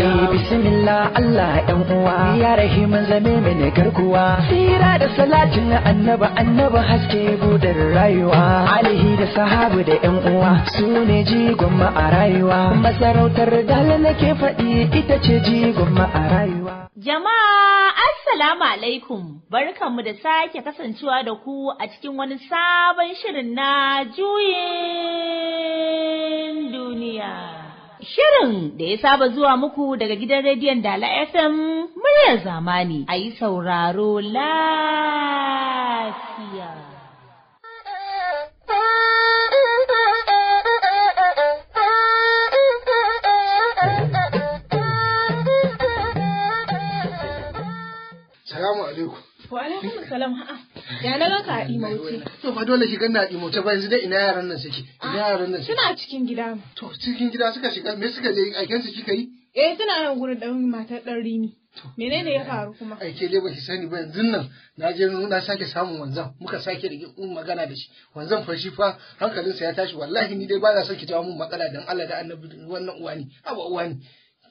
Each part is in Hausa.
bismillah Allah ɗan uwa ya rahimu zame mene garkuwa tsira da salatin annaba annaba haske budar rayuwa alihi da sahabu da ƴan uwa su ne jigon a rayuwa masarautar dala nake faɗi ita ce jigon ma a rayuwa jama'a assalamu alaikum barkanmu da sake kasancewa da ku a cikin wani sabon shirin na juyin duniya shirin da ya saba zuwa muku daga gidan rediyon Dala FM muryar zamani a yi sauraro lafiya. Salamu alaikum. Wa alaikum salam ha'a. Ya na ranka a imauce. To ba dole shiga na imauce ba yanzu dai ina yaran nan suke. Ina yaran nan suke. Suna cikin gida. To cikin gida suka shiga me suka je aikin su kika yi? Eh suna nan gurin dan matar dan Rini. Menene ya faru kuma? Ai ke dai baki sani ba yanzu nan na je na sake samun wanzan muka sake rige um, magana da shi wanzan fa shi fa hankalinsa ya tashi wallahi ni dai ba na son ki jawo mun matsala dan Allah da Annabi wannan uwa ne. Aba uwa ne.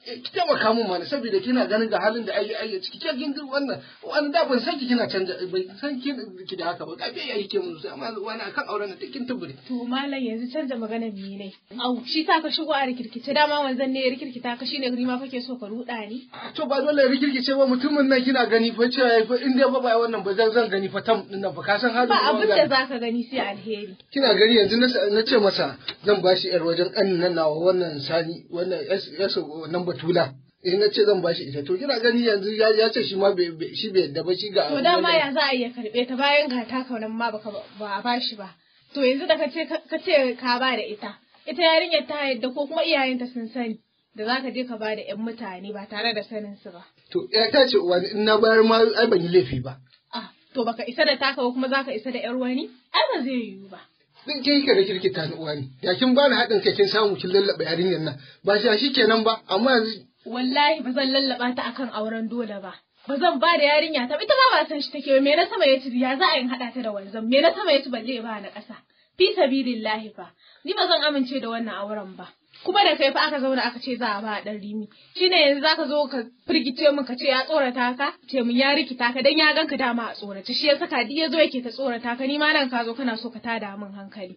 ki taimaka mun mana saboda kina ganin da halin da ai ayi cikin kin wannan wani da ban san ki kina canja ban san ki da haka ba ka bai yake mun sai amma wani akan auren da kin tubure to mallan yanzu canza magana biyu ne au shi ta ka shigo a rikirkice dama wanzan ne rikirkita ka shine ni ma fake so ka ruda ni ah, to ba dole rikirkice ba mutumin nan kina gani fa cewa fa in dai ba ba wannan ba zan zan gani fa tam din nan fa ka san halin ba abin da zaka gani sai alheri kina gani yanzu na ce masa zan bashi yar wajen annan nawa wannan sani wannan yaso nan batula in na ce zan bashi ita to kina gani yanzu ya ce shi ma shi bai yadda ba shi ga to dama ya za a iya karbe ta bayan ka ta kaunan ma baka ba a ba to yanzu da kace kace ka ba da ita ita yarinyar ta yadda ko kuma iyayenta sun sani da zaka je ka ba da yan mutane ba tare da sanin su ba to ya ta ce wani in na bayar ma ai ban yi laifi ba ah to baka isa da taka kuma zaka isa da yar wani ai ba zai yiwu ba Zan je kika da kirkita ni uwa ne ya kin bani haɗin kai kin samu kin lallaɓa yarinyar nan ba shi shi kenan ba amma yanzu wallahi ba zan lallaɓa ta akan auren dole ba ba zan ba da yarinya ta ita ma ba san shi take me na sama ya ci ya za a yin haɗa ta da wanzan me na sama ya ci balle ba na ƙasa fi sabilillahi fa ni ba zan amince da wannan auren ba kuma da kai fa aka zauna aka ce za a ba a dan rimi Shi ne yanzu zaka zo ka firgice mu ka ce ya tsorata ka ce mun ya rikita ka dan ya ganka dama a tsorata shi ya saka duk yazo yake ta tsorata ka ni ma nan ka zo kana so ka tada min hankali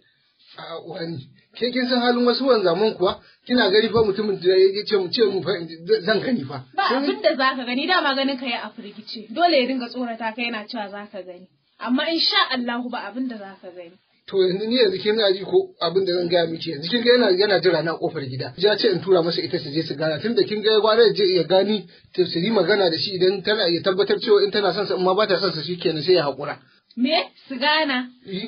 a wani ke kin san halin wasu wanzaman kuwa kina gari fa mutumin da ya ce mu ce mu fa zan gani fa ba abin da zaka gani dama ganin ka ya a firgice dole ya dinga tsorata ka yana cewa zaka gani amma in sha Allahu ba abin da za ka gani to yanzu ni yanzu kin ji ko abin da zan gaya miki yanzu kin ga yana yana jira na kofar gida ya ce in tura masa ita su je su gana tunda kin ga gwara je ya gani to su magana da shi idan tana ya tabbatar cewa in tana son sa amma ba ta son sa shikenan sai ya hakura me su gana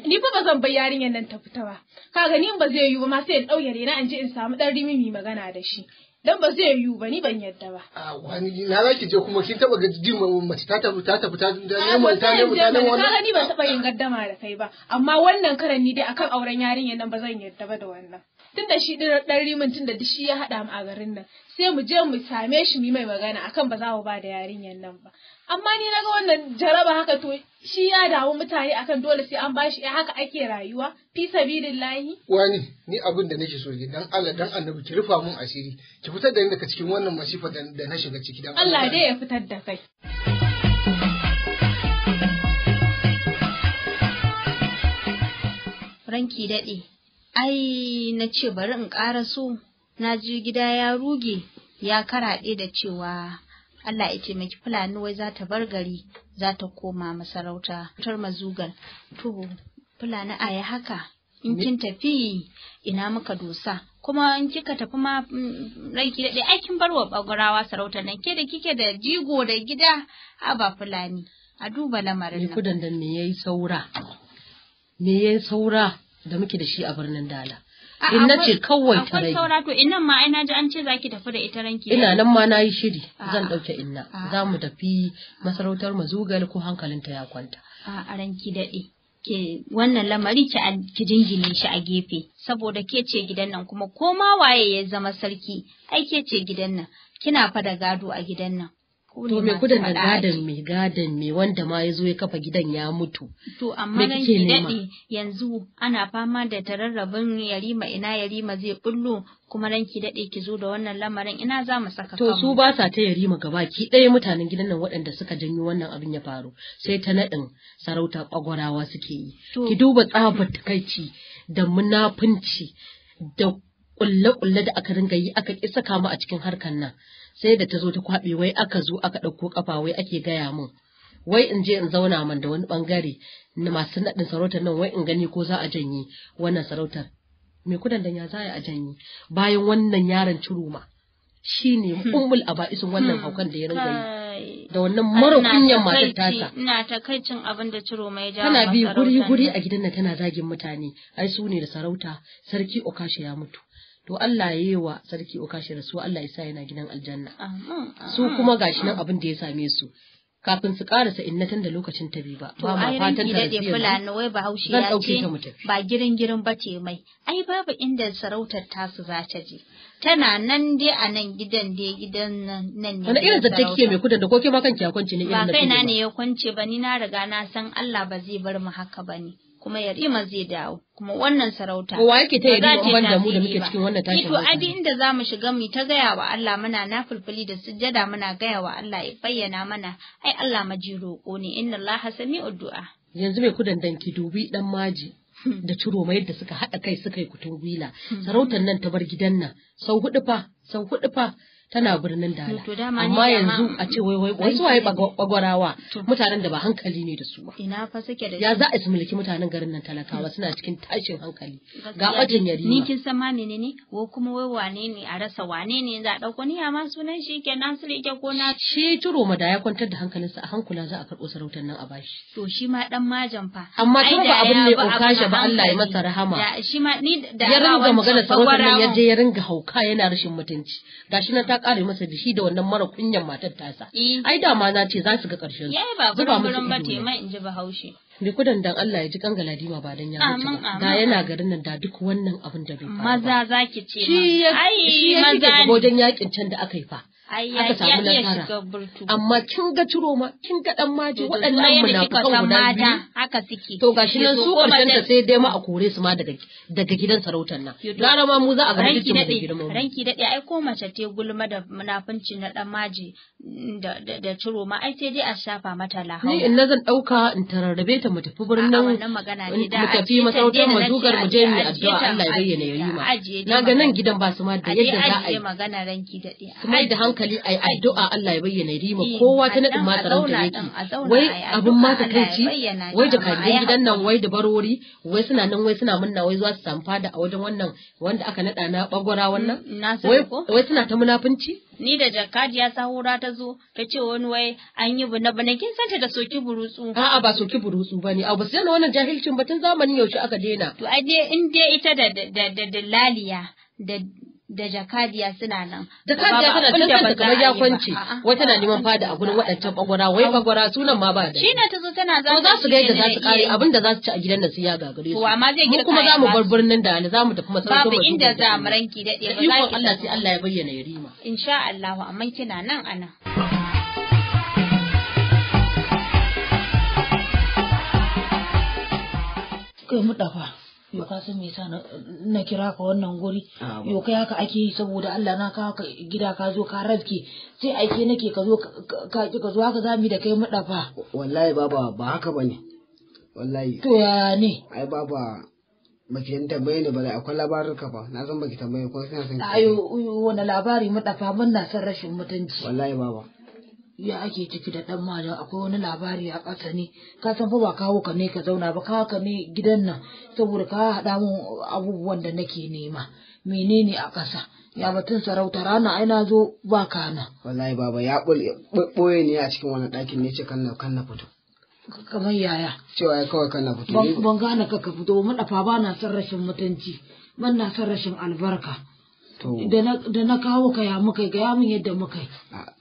ni fa ba zan bar yarinyar nan ta fita ba kaga ni ba zai yiwu ma sai in dauke rena an je in samu dan rimi magana da shi dan ba zai yiwu ba ni ban yadda ba a ah, wani na zaki je kuma kin taba ga jin mace ta tafi ta tafi ta neman ta mun ah, ta neman ta ni ba taba yin gaddama da kai ba amma wannan karan ni dai akan auren yarinyar nan ba zan yadda ba da wannan tunda shi dan rimin tunda duk shi ya hada mu a garin nan sai mu je mu same shi mu mai magana akan ba za mu ba da yarinyar nan ba amma ni naga wannan jaraba haka to shi ya dawo mutane akan dole sai an bashi ya haka ake rayuwa fi sabilillahi wani ni abin da nake so dan Allah dan annabi ki rufa mun asiri ki fitar da ni daga cikin wannan masifa da na shiga ciki dan Allah dai ya fitar da kai ranki daɗe ai na ce bari in ƙara so na ji gida ya ruge ya karaɗe da cewa Allah ya taimaki Fulani wai za ta bar gari za ta koma masarauta tar mazugar. To Fulani a yi haka in kin tafi ina muka dosa kuma in kika tafi ma mm, ranki Da ai kin bar wa bagarawa sarautar nan ke da kike da jigo da gida a ba Fulani a duba lamarin nan. Kudan da me yayi saura? Me yayi saura da muke da shi a birnin Dala? in na ce kawai ta rai. Akwai to innan ma ai ji an ce za ki tafi da ita ranki. Ina nan ma na yi shiri zan ɗauke inna za mu tafi masarautar mazugal ko hankalinta ya kwanta. A ranki daɗe. ke wannan lamari ki jingine shi a gefe saboda ke ce gidan nan kuma ko ma waye ya zama sarki ai ke ce gidan nan kina fa da gado a gidan nan to me kudin da gadan mai gadan mai wanda ma ya zo ya kafa gidan ya mutu to amma nan ki daɗe yanzu ana fama da tararrabin yarima ina yarima zai bullo kuma ki daɗe ki zo da wannan lamarin ina za mu saka To su ba sa ta yarima gaba ki ɗaya mutanen gidan nan waɗanda suka janyo wannan abin ya faru sai ta naɗin sarauta ƙwagwarawa suke yi. Ki duba tsabar takaici da munafunci da ƙulle-ƙulle da aka ringa yi aka ƙi saka mu a cikin harkar nan. sai da ta zo ta kwaɓe wai aka zo aka ɗauko ƙafa wai ake gaya min wai in je in zauna man da wani ɓangare na masu naɗin sarautar nan wai in gani ko za a janye wannan sarautar me kudan da ya za a janye bayan wannan yaron ciroma shi ne a hmm. aba'isun wannan hmm. haukan da ya ringa yi da wannan mara kunyan matar tasa ina takaicin abin da ciro mai jawo tana bi guri guri a gidan nan tana zagin mutane ai su ne da sarauta sarki Okashi ya mutu to Allah ya yi wa sarki Okashi su, Allah ya sa yana gidan aljanna su kuma gashi nan abin da ya same su kafin su karasa innatan da lokacin ta bi ba to ai ranki dade fulani wai bahaushe ya ce ba girin girin bace mai ai babu inda sarautar tasu za ta je tana nan dai a nan gidan dai gidan nan ne wani irin zatta kike mai kudin da koke ma kanki ya kwance ne irin ba kai na ne ya kwance ba ni na riga na san Allah ba zai bar mu haka ba ne kuma Yarima zai dawo kuma wannan sarauta kowa yake ta yi ban da mu da muke cikin wannan tashin to adi inda mu shiga mu ta gaya wa Allah muna nafulfuli da sujjada muna gaya wa Allah ya bayyana mana ai Allah maji roƙo ne inna Allah sami'ud addu'a yanzu mai kudan danki dubi dan maji da ciro mai yadda suka haɗa kai suka yi kutun gwila hmm. sarautar nan ta bar gidan nan sau hudu fa sau hudu fa tana birnin dala amma yanzu a ce wai wai wasu waye bagwarawa mutanen da ba hankali ne da su ba ina fa suke da ya za a mulki mutanen garin nan talakawa suna cikin tashin hankali ga bajin yari ni kin san ma ne ko kuma wai wane ne a rasa wane ne za a dauko ni amma sunan shi ke Nasiru yake ko na shi turo ma da ya kwantar da hankalinsa a hankula za a karbo sarautar nan a bashi to shi ma dan majan fa amma tun ba abin ne kashe ba Allah ya masa rahama shi ma ni da ya ringa magana sarautar nan ya je ya ringa hauka yana rashin mutunci gashi na ta kare masa da shi da wannan mara kunyan matar tasa eh. ai ma na ce za su ga karshen Yai ba gurin ba te mai in ji bahaushe bi kudan dan Allah ya ji kan galadima ba dan ya mutu ba da yana garin nan da duk wannan abin da bai faru maza zaki ce ai maza ne wajen yakin can da aka yi fa aka samu nasara. Amma kin ga ciro ma kin ga dan maji waɗannan munafukan guda biyu. Haka suke. To gashi nan su karshen ta sai dai ma a kore su ma daga daga gidan sarautar nan. Gara ma mu za a ga cikin da gidan mu. Ranki dade ai ko mace te gulma da munafinci na dan maji da ciro ma ai sai dai a shafa mata lahawa. Ni in na zan ɗauka in tararrabe ta mu tafi birnin mu tafi mu mazugar mu je mu addu'a Allah ya bayyana ma. Na ga nan gidan ba su ma da yadda za a yi. magana ranki da dai Su mai da hankali a yi addu'a Allah ya bayyana ma. Eh, kowa ta nadin ma sarauta yake. Wai abin ma ta kai wai da kan gidan nan wai da barori wai suna nan wai suna munna wai zuwa su samfa da a wajen wannan wanda aka naɗa na bagwara wannan. Mm, wai suna ta munafunci. ni da jakadiya sahura ta zo ta ce wani wai an yi bune bune kin san ta da soki burutsu a'a ba soki burutsu bane a basu yana wannan jahilcin batun tun zamanin yaushe aka daina to ai dai in dai ita da da da, da laliya da da jakadiya suna nan. Jakadiya tana cikin kanta kamar ya wata na neman fada a gurin waɗancan bagwara wai bagwara sunan ma ba da. Shi na ta zo tana za za su ga yadda za su kare abin da za su ci a gidan da su ya gagare su. amma zai girka kuma za mu bar birnin da za mu tafi masarautar Babu inda za mu ranki daɗe ba za ki. Allah sai Allah ya bayyana yarima. Insha Allah amma kina nan anan. Kai mu dafa. yo ka san me yasa na kira ka wannan guri ah, yo kai haka ake yi saboda Allah na kawo ka gida ka zo ka rafke sai aike nake ka zo ka ki ka zo haka za mu da kai madafa wallahi baba ba haka bane wallahi to ya ne ai baba baki yin tambaye ne ba da akwai labarin ka ba na san baki tambaye ko kina san ayo wani labari madafa mun na san rashin mutunci wallahi baba ya ake ciki da ɗan majan akwai wani labari a ƙasa ne ka san fa ba kawo ka ne ka zauna ba kawo ka ne gidan nan saboda ka haɗa mun abubuwan da nake nema menene a ƙasa ya batun sarauta rana ai na zo ba ka na. wallahi baba ya ɓoye ne a cikin wani ɗakin ne ce kan na kan na fito kamar yaya cewa ya kawai kan na fito ban gane ka ka fito mun ba na son rashin mutunci ban na son rashin albarka da na kawo ka ya muka ga ya mun yadda muka yi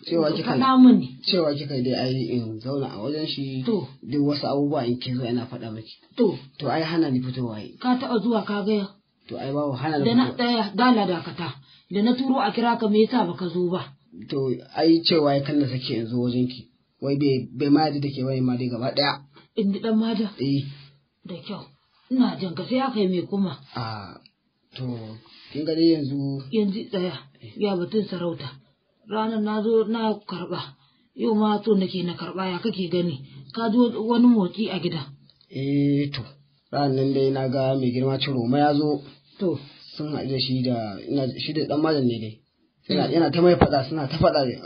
cewa kika faɗa mun cewa kika dai ai in zauna a wajen shi to duk wasu abubuwa in kin zo ina faɗa miki to to ai hana ni fitowa yi ka taɓa zuwa ka ga to ai babu hana da na ɗaya dala dakata da na turo a kira ka me yasa baka zo ba to ai cewa ya kanna sake in zo wajen ki wai bai ma da ke wai ma dai gaba ɗaya in ji ɗan mada eh da kyau ina jan ka sai aka yi me kuma Ah. To, kin gani yanzu? Yanzu tsaya, eh. ya batun sarauta. Ranar na zo na karɓa, yau ma so nake na karɓa ya kake gani, ka ji wani motsi a gida. Eh to, ranar dai na ga mai girma Roma ya zo. To. Sun haɗe shi da, ina shi da ɗan malam ne dai. Eh. Suna, yana ta mai faɗa suna ta faɗa eh,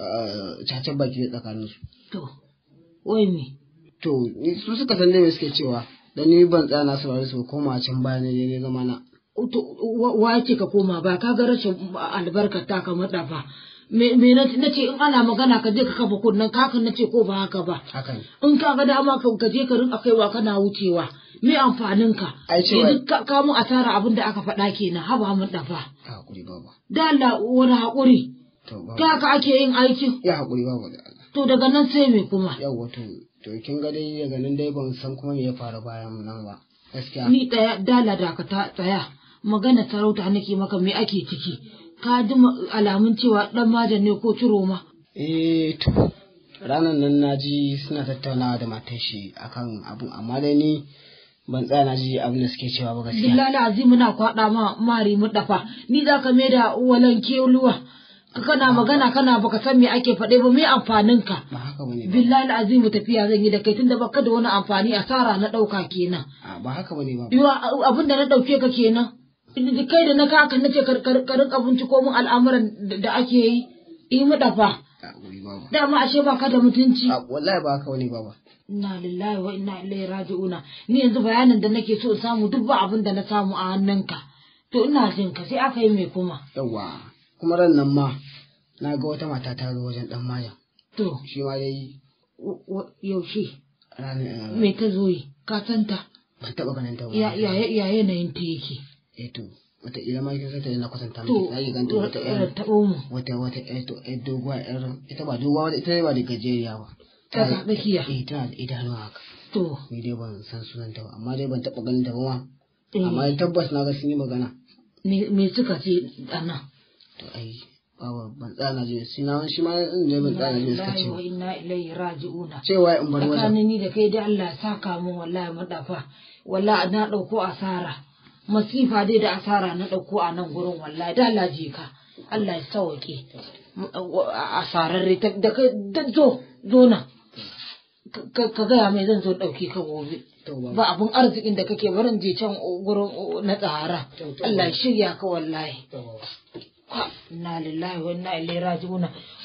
cacen baki da tsakaninsu. To, wai ne. To, su suka san dai me suke cewa, da ni ban tsaya na saurari su koma can baya ne dai zama na. wa ce ka koma ba ka ga rashin albarkar ta ka maɗa ba me na ce in ana magana ka je ka kafa kunnan kaka na ce ko ba haka ba in ka ga dama ka je ka rinka kaiwa kana wucewa me amfanin ka yanzu ka mu asara abin da aka faɗa kenan haba mun dafa da Allah wani haƙuri Ka ka ake yin aiki? ya haƙuri ba da Allah to daga nan sai me kuma yawa to to kin ga dai daga nan dai ban san kuma me ya faru bayan nan ba gaskiya ni daya dala da ka ta tsaya magana sarauta nake maka me ake ciki ka ji alamun cewa dan majan ne ko ciro ma eh to ranar nan na ji suna tattaunawa da matan shi akan abun amma dai ni ban tsaya na ji abin da suke cewa ba gaskiya billahi azimi na kwada ma mari mu dafa ni za ka maida walan kewluwa kana magana kana baka san me ake faɗe ba me amfanin ka billahi azimi tafiya zan yi da kai tunda baka da wani amfani asara na dauka kenan ba haka bane ba abin da na dauke ka kenan kai da na kaka na ce karkarin abinci ko mun al'amuran da ake yi yi mu dafa dama ashe ba ka da mutunci wallahi ba ka wani baba inna lillahi wa inna ilaihi raji'una ni yanzu bayanin da nake so in samu duk ba abin da na samu a hannunka to ina jin ka sai aka yi mai kuma yawa kuma ran nan ma na ga wata mata ta zo wajen dan mayan to shi ma dai yaushe eh, me ta zo yi ka san ta ban taba ganin ta ba ya ya yanayin ta yake eto eh, wata ila ma kin ta yana kwatanta ta sai ganta wata ƴar tabo mu wata wata ƴar to ƴar doguwa ƴar ita ba doguwa wata ita ba da gajeriya ba ta ta tsakiya eh ta da idanu haka to ni dai ban san sunan ta ba amma dai ban taba ganin ta ba ma eh. amma tabbas na ga sun yi magana me suka ce ana to ai babu ban tsana je sai na shi ma in je ban tsana je suka ce wa inna ilaihi raji'una cewa in bar wajen tsakanin ni da kai da Allah saka mu wallahi madafa wallahi na dauko asara masifa dai da asara na ɗauko a nan gurin wallahi da Allah ji ka Allah ya sauke asararre da ka zo zo nan ka gaya mai zan zo ɗauki ka gobe ba abun arzikin da kake barin je can gurin na tsara Allah ya shirya ka wallahi na lillahi wa inna ilaihi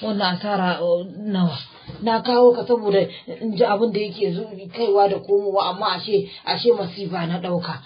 wannan asara nawa na kawo ka saboda in ji abin da yake kaiwa da komowa amma ashe ashe masifa na ɗauka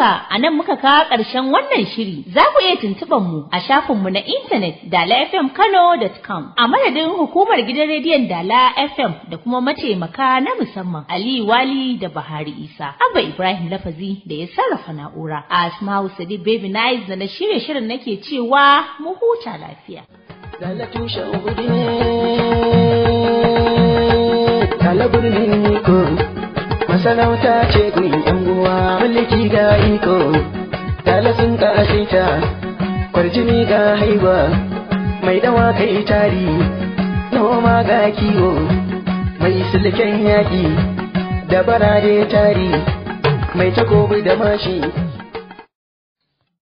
haka a nan muka kawo ƙarshen wannan shiri. Za ku iya tuntuɓar mu a shafin mu na intanet dalafmkano.com a madadin hukumar gidan rediyon Dala FM da kuma mataimaka na musamman Ali Wali da Bahari Isa. Abba Ibrahim Lafazi da ya sarrafa na'ura. A Asma'u Sadi Baby Nice da na shirye shirin nake cewa mu huta lafiya. masarauta ce gurin yan mulki ga iko tala sun kwarjini ga haiba mai dawa kai tari noma ga kiwo mai sulken yaƙi da barare tari mai takobi da mashi